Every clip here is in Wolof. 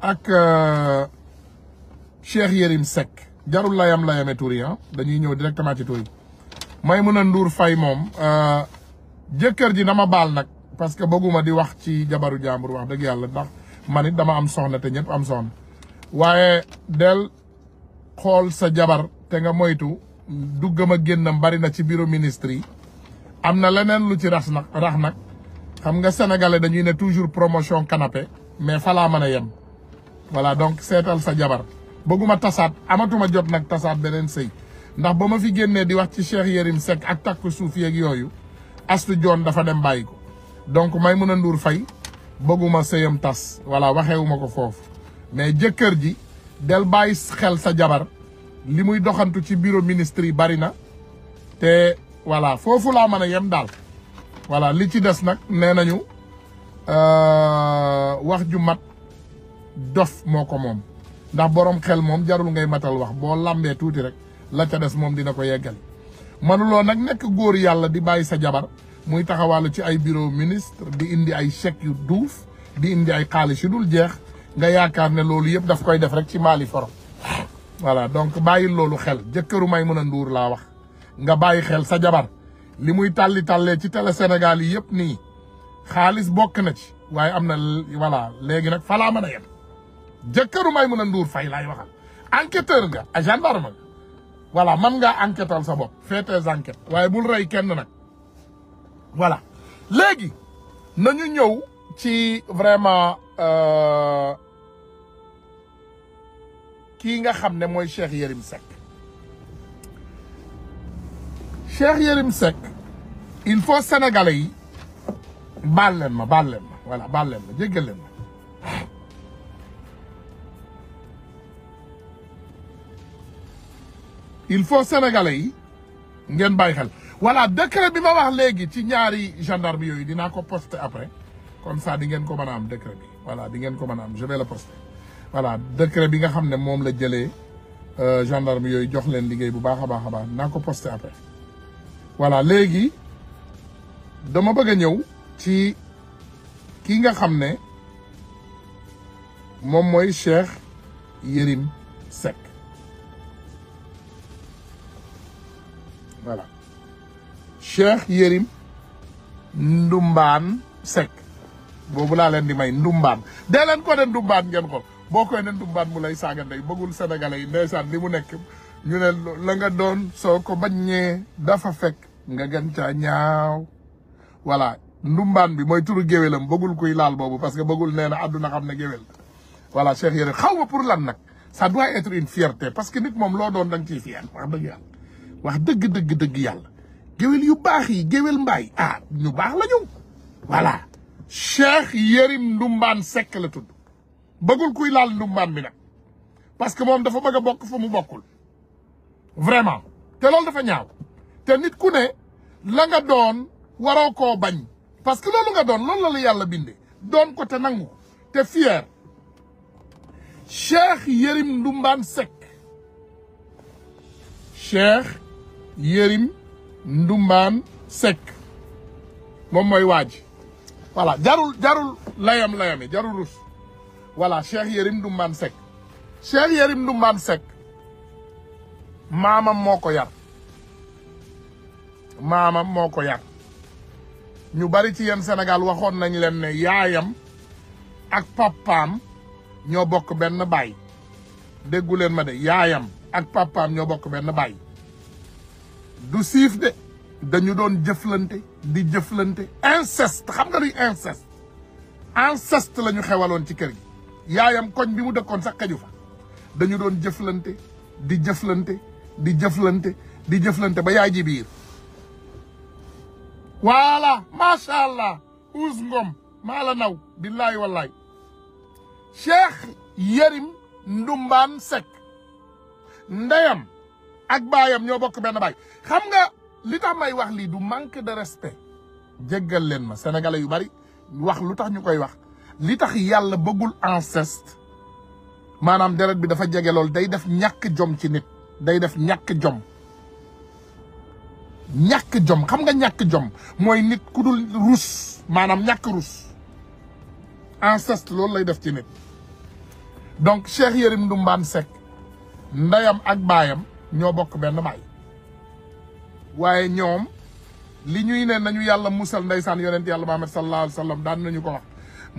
ak euh, Cheikh yerim sek jarul layam layame touri yi ah. dañuy ñew directement ci touri may mëna Ndour mom euh jëkër ji dama bal nak parce que bëgguma di wax ci jabaru jàmbur wax deug yalla ndax man dama am soxna te ñepp am soxna waye del xol sa jabar te nga moytu duggam a génnam bari na ci bureau ministry amna lenen lu ci rax nak rax nak xam nga sénégalais dañuy ne toujours promotion canapé mais fala mëna voilà donc seetal sa jabar bëgguma tasaat amatuma jot nak tassat benen sey ndax bama fi génnee di wax ci Cheikh Yérim sek ak takku soufi ak yoyu astu joon dafa dem bayiko ko may mëna Ndour fay bëgguma seyam tas voilà waxewuma mako fof. mais jëkër ji del bay xel sa jabar li muy doxantu ci bureau bari na te voilà foofu laa mën a yem daal voilà li ci dess nak nañu euh, wax ju mat dof moko mom ndax borom xel mom jarul ngay matal wax bo làmbee touti rek la ca des mom dina ko yeggal manuloo nak nek gor yalla di bàyyi sa jabar muy taxawal ci ay bureau ministre di indi ay chèque yu douf di indi ay xaliss yu dul jeex nga yaakaar ne loolu yeb daf koy def rek ci mali for voilà donc bàyyi loolu xel jeukeru may meuna ndour la wax nga bàyyi xel sa jabar li muy tali talé ci télé Sénégal yeb ni xaliss bok na ci waye amna voilà jëkkëru Maimouna Ndour Faye fay waxal enquêteur nga a gendarme nga voilà man ngaa enquêtal sa bopp feetees enquête waaye bul rey kenn nag voilà léegi nañu ñëw ci vraiment euh, kii nga xam ne mooy Cheikh Yérim Seck Cheikh Yérim Seck il faut sénégalais yi baal leen ma baal leen ma voilà baal leen ma jéggal il faut sénégalais yi ngeen bàyyi xel voilà décret bi ma wax léegi ci ñaari gendarme yooyu dinaa ko poster après comme ça di ngeen ko mën a am décret bi voilà di ngeen ko mën a am je la le poster voilà décret bi nga xam ne moom la jëlee euh, gendarme yooyu jox leen liggéey bu baax a baax a naa ko poster après voilà léegi dama bëgg a ñëw ci ki nga xam ne moom mooy Cheikh Yérim set voilà cheikh yerim Ndumban sek boobu la len di may Ndumban. De len ko den Ndumban ngeen ko boo koy ne ndumbaan mu lay sagal day beugul sénégalais yi limu nek ñu ne la nga doon soko ko dafa fek nga gën caa ñaaw voilà Ndumban bi moy turu gewelam beugul kuy laal bobu parce que beugul nee aduna àdduna gewel. voilà cheikh Yerim xawma pour lan nak. ça doit être une fierté parce que nit mom lo doon dang ci fier wax deug yalla. wax dëgg dëgg dëgg yàlla géwél yu baax yi géwél mbaay ah ñu baax la ñu voilà Cheikh Yérim Ndumbaan Seck la tudd bëggul kuy laal ndumbaan bi nag parce que moom dafa bëgg a bokk fa mu bokkul vraiment te loolu dafa ñaaw te nit ku ne la nga doon waroo ko bañ parce que loolu nga doon loolu la yàlla bindee doon ko te nangu te fier Cheikh Yérim Ndumbaan Seck Cheikh Yérim Ndumbaan Seck moom mooy waaj voilà jarul jarul layam layami jarul rus voilà Cheikh Yérim Ndumbaan Seck Cheikh Yérim Ndumbaan Seck maamam moo ko yar maamam moo ko yar ñu bari ci yenn senegal waxoon nañ leen ne yaayam ak papaam ñoo bokk benn baay déggu leen ma de yaayam ak papaam ñoo bokk benn baay du siif de dañu doon jëflante di jëflante inceste xam nga luy inceste inceste lañu xewaloon ci kër gi yaayam koñ bi mu dëkkoon sax kaju fa dañu doon jëflante di jëflante di jëflante di jëflante ba yaay jibiir waala voilà macha allah uus ngom maa la naw billaay wallaay cheikh yërim ndumbaan sekk ndeyam ak bayam ño bokk ben bay xam nga li tax may wax li du manque de respect djegal len ma sénégalais yu bari wax lu tax ñu wax li tax yalla bëggul manam deret bi dafa djegé lol day def ñak jom ci nit day def ñak jom ñak jom xam nga ñak jom moy nit kudul rus manam ñak rus inceste lol lay def ci nit donc Cheikh Yérim Ndoumban sek ndayam ak bayam ñoo bokk benn baay waaye ñoom li ñuy ne nañu yàlla musal ndeysaan yonent yàlla Muhammad sallallahu alayhi wasallam sallam daan nañu ko wax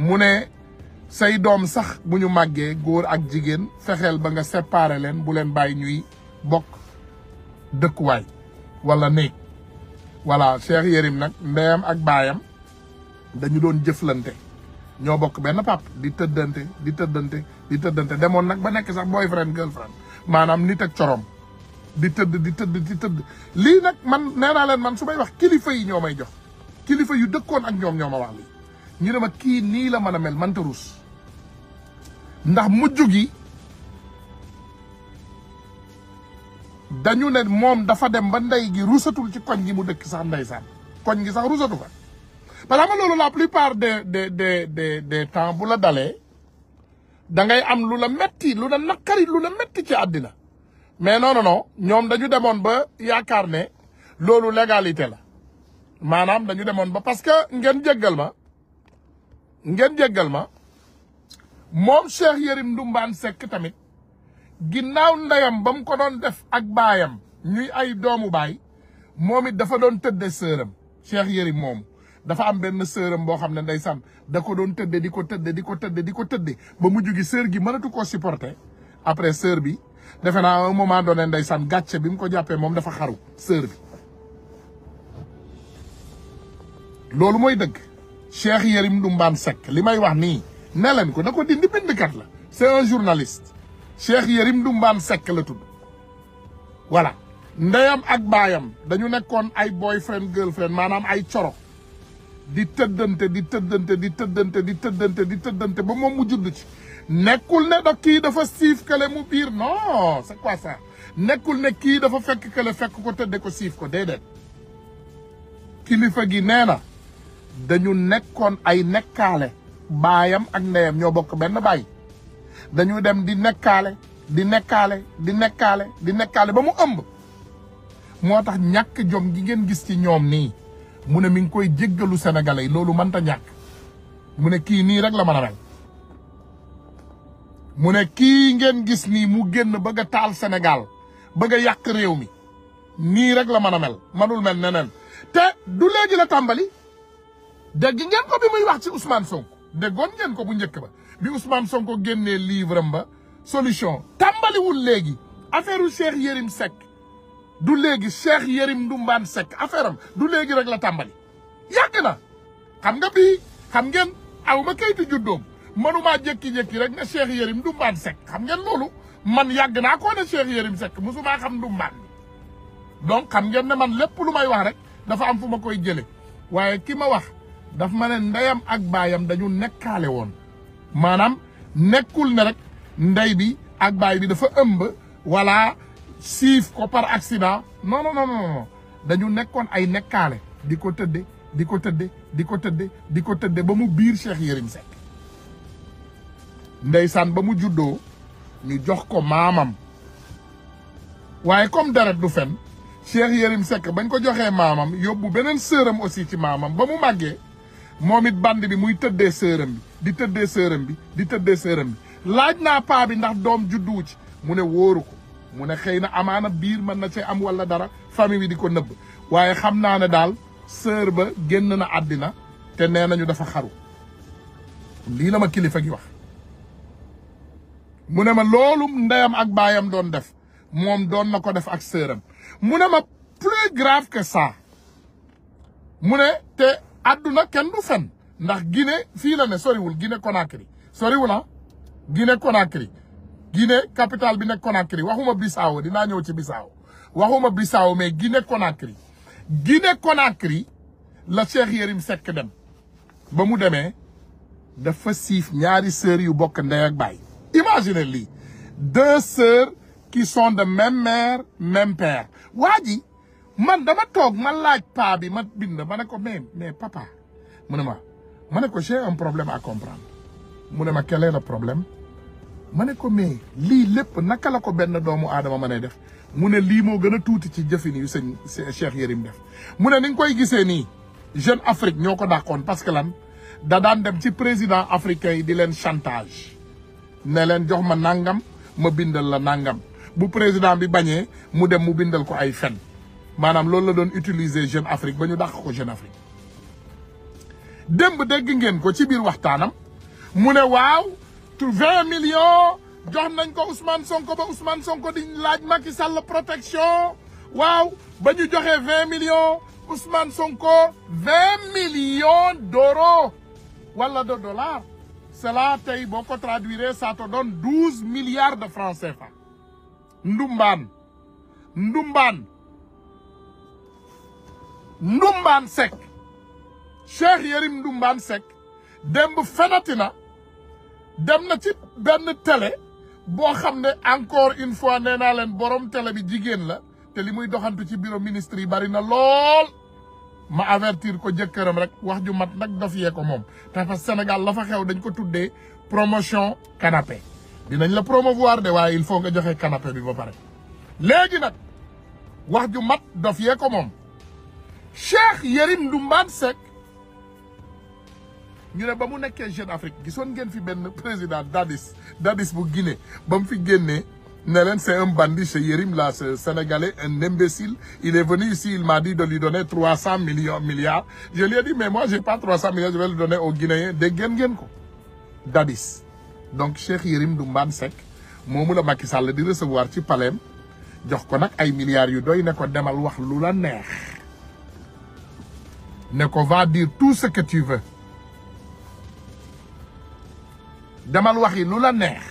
mu ne say doom sax bu ñu màggee góor ak jigéen fexeel ba nga séparer leen bu leen bàyyi ñuy bokk dëkkuwaay wala néeg voilà Cheikh Yérim nag mbeyam ak baayam dañu doon jëflante ñoo bokk benn pap di tëddante di tëddante di tëddante demoon nag ba nekk sax boyfriend girlfriend maanaam nit ak corom di teud di teud di teud li nak man neena len man su wax kilifa yi ñomay jox kilifa yu dëkkoon ak ñom ñoma wax lii ñu ne ma kii nii la mëna mel man ta rus ndax mujju gi dañu ne mom dafa dem ba nday gi rusatul ci koñ gi mu dekk sax ndeysaan koñ gi sax rusatu fa parce que lolu la plupart des des des des des temps bu la dalé da ngay am lu la metti lu la naqari lu la metti ci adina mais non non ñoom dañu demoon ba yaakaar ne loolu légalité la maanaam dañu demoon ba parce que ngeen jéggal ma ngeen jéggal ma moom Cheikh Yérim Ndumbaan Seck tamit ginnaaw ndeyam ba mu ko doon def ak baayam ñuy ay doomu baay moom it dafa doon tëdde sëram Cheikh Yérim moomu dafa am benn sëram boo xam ne ndeysaan da ko doon tëdde di ko tëdde di ko tëdde di ko tëdde ba mu gi sër gi mënatu ko supporter après sër bi defe naa un moment donné ndeysaan gàcce bi mu ko jàppee moom dafa xaru sœur bi loolu mooy dëgg Cheikh Yérim Ndumbaan sekk li may wax nii ne leen ko na ko dindi bindkat la c'est un journaliste Cheikh Yérim Ndumbaan Seck la tudd voilà ndeyam ak baayam dañu nekkoon ay boyfriend girlfriend maanaam ay coro di tëddante di tëddante di tëddante di tëddante di tëddante ba moom mu judd ci nekkul ne da kii dafa siif kale mu biir non c'est quoi nekkul ne kii dafa fekk kale fekk ko tëdde ko siif ko déedéet kilifa gi nee na dañu nekkoon ay nekkaale baayam ak ndeyam ñoo bokk benn baay dañu dem di nekkaale di nekkaale di nekkaale di nekkaale ba mu ëmb moo tax ñàkk jom gi ngeen gis ci ñoom nii mu ne mi ngi koy jéggalu sénégalais yi loolu mënta ñàkk mu ne kii nii rek la mën a mel mune ki ngeen gis ni mu genn bëgg a taal senegal mi ni rek la mel manul mel nenen te du léegi la tambali dégg ngeen ko bi muy wax ci Ousmane Sonko déggoon ngeen ko bu njëkk ba bi Ousmane Sonko genné livre am ba solution tambali wul affaire affaireu Cheikh yerim sek du léegi Cheikh yerim ndumban sek affaire am du léegi rek la tambali yàgg na xam nga bi xam ngeen awma mënumaa jékki-jékki rek ne Cheikh Yérim Dumbaan Seck xam ngeen loolu man yàgg naa koo ne Cheikh Yérim Seck mosumaa xam Dumbaan bi donc xam ngeen ne man lépp lu may wax rek dafa am fu ma koy jële waaye ki ma wax dafa ma ne ndeyam ak baayam dañu nekkaale woon maanaam nekkul ne rek ndey bi ak baay bi dafa ëmb wala siif ko par accident non non non dañu nekkoon ay nekkaale di ko tëdde di ko tëdde di ko tëdde di ko tëdde ba mu biir Cheikh Yérim Seck ndeysaan ba mu juddoo ñu jox ko maamam waaye comme deret du fen Cheikh Yérim Seck bañ ko joxee maamam yóbbu beneen sëram aussi ci maamam ba mu màggee moom it band bi muy tëddee sëram bi di tëddee sëram bi di tëddee sëram bi laaj naa paa bi ndax doom judduwu ci mu ne wóoru ko mu ne xëy na amaana biir mën na cee am walla dara famille bi di ko nëbb waaye xam naa ne daal sër ba génn na àddina te nee nañu dafa xaru lii la ma kilifa gi wax mu ne ma loolu ndeyam ak baayam doon def moom doon na ko def ak sëram mu ne ma plus grave que ça mu ne te àdduna kenn du fen ndax Guinée fii la ne soriwul Guinée Conakry soriwul ah Guinée Conakry Guinée capitale bi nekk Conakry waxuma Bissau dinaa ñëw ci Bissau waxuma Bissau mais Guinée Conakry Guinée Conakry la Cheikh Yérim Seck dem ba mu demee dafa siif ñaari sër yu bokk ndey ak baay Imaginez le deux sœurs qui sont de même mère même père Wadi, je man dama tok ma je suis ma bind je mais papa je ne j'ai un problème à comprendre quel est le problème Je ne ko mais je ko problème doomu ne a def je ne lii moo je ci yu Cheikh def Je ne je Jeune Afrique parce que président africain chantage ne leen jox ma nangam ma bindal la nangam bu président bi bañee mu dem mu bindal ko ay fen maanaam loolu la doon utiliser Jeune Afrique ba ñu dàq ko Jeune Afrique démb dégg ngeen ko ci biir waxtaanam mu ne waaw vingt million jox nañ ko Ousmane Sonko ba Ousmane Sonko di laaj Macky Sall protection waaw ba ñu joxee vingt millions Ousmane Sonko vingt millions d'euros wala de dollars cela tey boo ko traduire ça te donne douze milliards de francs fa ndumbaan ndumbaan ndumbaan Seck Cheikh Yérim ndumbaan Seck démb fenati na dem na ci benn tele boo xam ne encore une fois nee naa leen borom tele bi jigéen la te li muy doxantu ci bureau ministre yi bari na lool ma avertir ko jëkkëram rek wax ju mat nak daf yee ko moom te parce Sénégal la fa xew dañ ko tuddé promotion canapé dinañ la promouvoir de way il faut nga joxé canapé bi ba pare léegi nag wax ju mat daf yee ko moom Cheikh Yérim Ndoumban sek ñu né ba mu nekkee Jeune Afrique gisoon ngeen fi ben président Dadis Dadis bu Guinée ba fi génné Nelen, c'est un bandit chez Yérim là ce Sénégalais un imbécile il est venu ici il m'a dit de lui donner 300 millions milliards je lui ai dit mais moi j'ai pas 300 millions, milliards je vais le donner aux Guinéens de ngeen ngeen ko Dadis donc Cheikh Yérim Ndoumane Seck de la Macky Sall de recevoir ci palais jox ko a ay milliards yu doy ne dire demal wax lu la neex ne va dire tout ce que tu veux demal ce lu la neex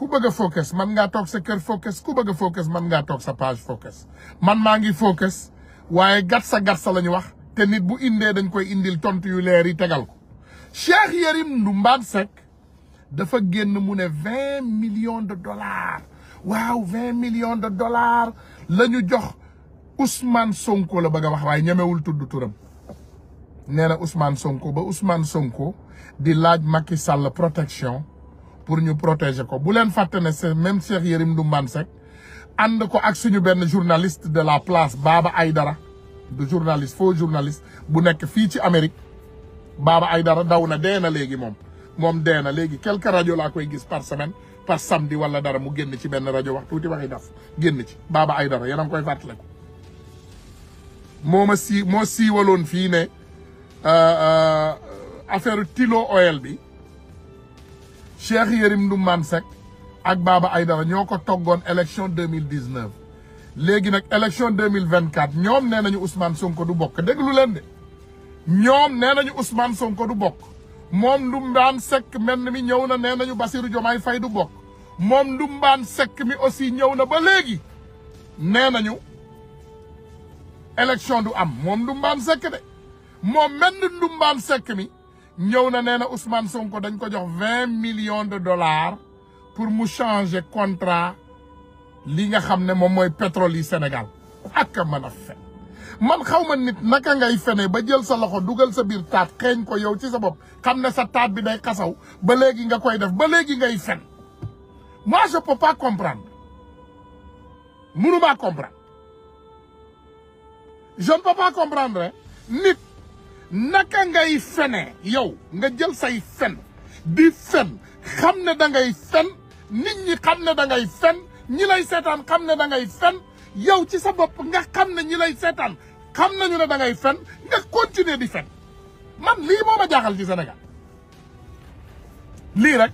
ku bëgg focus man nga tok sa kër focus ku bëgg focus man nga tok sa page focus man ma ngi focus waye gat sa gat sa lañu wax té nit bu indé dañ koy indil tontu yu leer yi tégal ko Cheikh Yérim Ndoumban sek dafa génn mu né 20 millions de dollars waaw 20 millions de dollars lañu jox Ousmane Sonko la bëgg wax waaye ñemewul tuddu turam néna Ousmane Sonko ba Ousmane Sonko di laaj Macky Sall protection pour ñu protéger ko bu leen fàtte ne c'est même Cheikh Yérim Ndoumane Seck ànd ko ak suñu benn journaliste de la place Baba Aydara du journaliste faux journaliste bu nekk fii ci Amérique Baba Aydara daw na dee na léegi moom moom dee na léegi quelque rajo laa koy gis par semaine par samedi wala dara mu génn ci benn rajo wax tuuti waxi daf génn ci Baba Aydara yéen a ngi koy fàttaliku moo ma si siiwaloon fii ne euh, euh, affaire Tilo Oil bi Cheikh Yérim Ndoumane Seck ak Baba Aydara ñoo ko toggoon élection deux mille dix neuf léegi nag élection deux mille vingt quatre ñoom nee nañu Ousmane Sonko du bokk déglu leen de ñoom nee nañu Ousmane Sonko du bokk moom Ndoumane sekk mel mi ñëw na nee nañu Bassirou Diomaye Faye du bokk moom Ndoumane sekk mi aussi ñëw na ba léegi nee nañu élection du am moom Ndoumane sekk de moom mel Ndoumane Seck mi. ñew na néna Ousmane Sonko dañ ko jox 20 millions de dollars pour mu changer contrat li nga xamné mom moy pétrole yi Sénégal ak mën a fen man xawma nit naka ngay féné ba jël sa loxo duggal sa bir taat xéñ ko yow ci sa bop xamné sa taat bi day xassaw ba légui nga koy def ba légui ngay fén moi je peux pas comprendre mënu ma comprendre je ne peux pas comprendre nit naka ngay fene yow nga jël say fen di fen xam ne dangay ngay fen nit ñi xam ne dangay ngay fen ñi lay seetaan xam ne dangay ngay fen yow ci sa bopp nga xam ne ñi lay seetaan xam nañu ne dangay ngay fen nga continuer di fen man lii moo ma jaaxal ci Sénégal lii rek